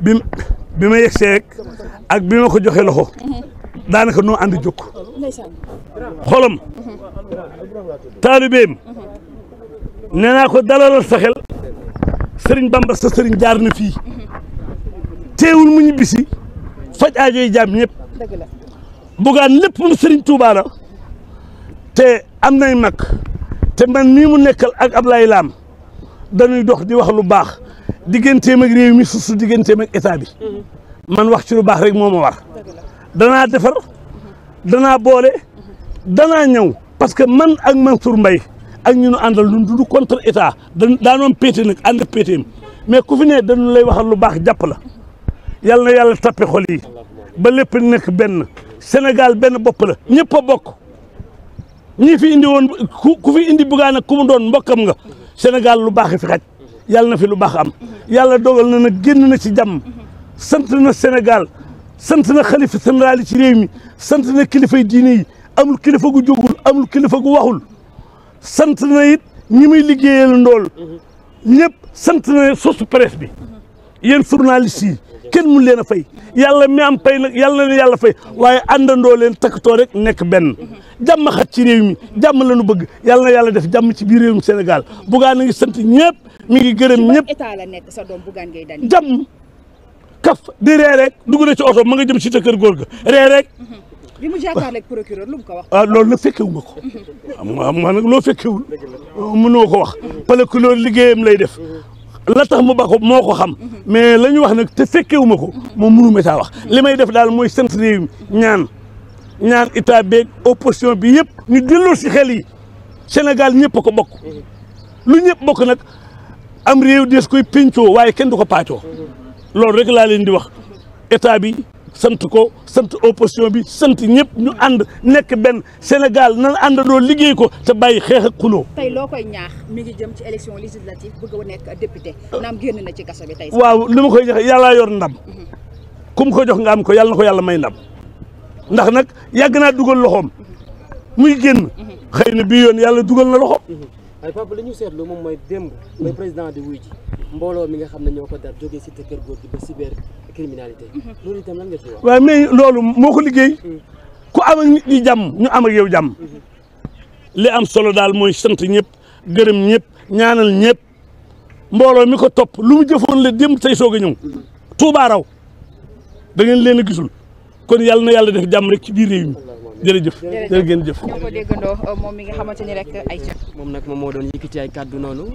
bi ma yegsee rek ak bi ma ko joxe loxo daanaka noo ànd jóg xolam taalibeem nee ko dalalal sa sëriñ Bamba sëriñ jaar na fii teewul mu ñibbisi faj aajoy jaam ñëpp bugaan lépp mu sëriñ Tuubaa te am nay mag te man mii mu nekkal ak Ablaye Lam dañuy dox di wax lu baax digganteem ak réew mi susu digganteem ak état bi mm-hmm. man wax ci lu baax rek moo ma war danaa defar mm-hmm. danaa boole mm-hmm. danaa ñëw parce que man ak Mansour mbay ak ñu nu àndal ñun du contre état dañu daanoon péete nag ànd mais ku fi ne dañu lay waxal lu baax jàpp la yàlla na yàlla tappe xol yi ba lépp nekk benn Sénégal benn bopp la ñëpp a bokk ñii fi indi woon ku fi indi bugaan ak mu doon mbokkam nga Sénégal lu baax fi xaj. yàlla na fi lu baax am yàlla dogal na nag génn na ci jàmm sant na Sénégal sant na xalifa général yi ci réew mi sant na kilifay diine yi amul kilifa gu jógul amul kilifa gu waxul sant na it ñi muy liggéeyal ndool ñépp sant na sosu presse bi yéen journaliste yi kenn mun leen a fay yàlla mi am pay yàlla na yàlla fay waaye àndandoo leen takkatoo rek nekk benn jàmm xat ci réew jàmm la nu bëgg yàlla na yàlla def jàmm ci biir réewum Sénégal bugaa na sant ñëpp mi ngi gërëm ñëpp état la nekk sa doom Bougane Gueye Dany jàmm kaf di ree dugg na ci oto ma nga jëm si sa kër góor ga ree rek. bi mu jàkkaarloog procureur lu mu ko wax. ah loolu nag fekkewu ma ko xam nag loo fekkewul mënoo ko wax procureur liggéeyam lay def la tax mu ba ko moo ko xam mais la ñu wax nag te fekkewu ko moo mënu ma saa wax li may def daal mooy sant réew ñaan ñaan état beeg opposition bi yëpp ñu delloo si xel yi Sénégal ñëpp ko bokk lu ñëpp bokk nag. am réew des koy pencoo waaye kenn du ko paacoo loolu rek laa leen di wax état bi sant ko sant opposition bi sant ñëpp ñu ànd nekk benn Sénégal nan àndandoo liggéey ko te bàyyi xeex ak xuloo. tey loo ñaax mi ngi jëm ci élection législative bëgg a nekk député euh, naam génn na ci kaso bi tey. waaw li ma koy joxe yàllaa yor ndam mhm. ku mu ko jox nga am ko yàlla ko yàlla may ndam ndax nag yàgg naa dugal loxoom mhm. muy génn mhm. xëy na bii yoon yàlla dugal na loxo. waaye papa li ñu seetlu moom mooy démb mooy président di ji mbooloo mi nga xam ne ñoo ko dar jógee cité kër góor gi ba cyber criminalité loolu itam lan nga ci wax loolu moo ko liggéey mm. ku am a nit ñi jàmm ñu am ak yow jàmm mm-hmm. li am solo daal mooy sant ñëpp gërëm ñëpp ñaanal ñëpp mbooloo mi ko topp lu mu jëfoon la démb tey soog a ñëw mm-hmm. Tuubaa raw da ngeen leen a gisul kon yàlla na yàlla def jàmm rek ci biir jërëjëf jëf ñoo ko déggandoo moom mi nga xamante ni rek ay moom nag moom moo doon yëkkati ay kàddu noonu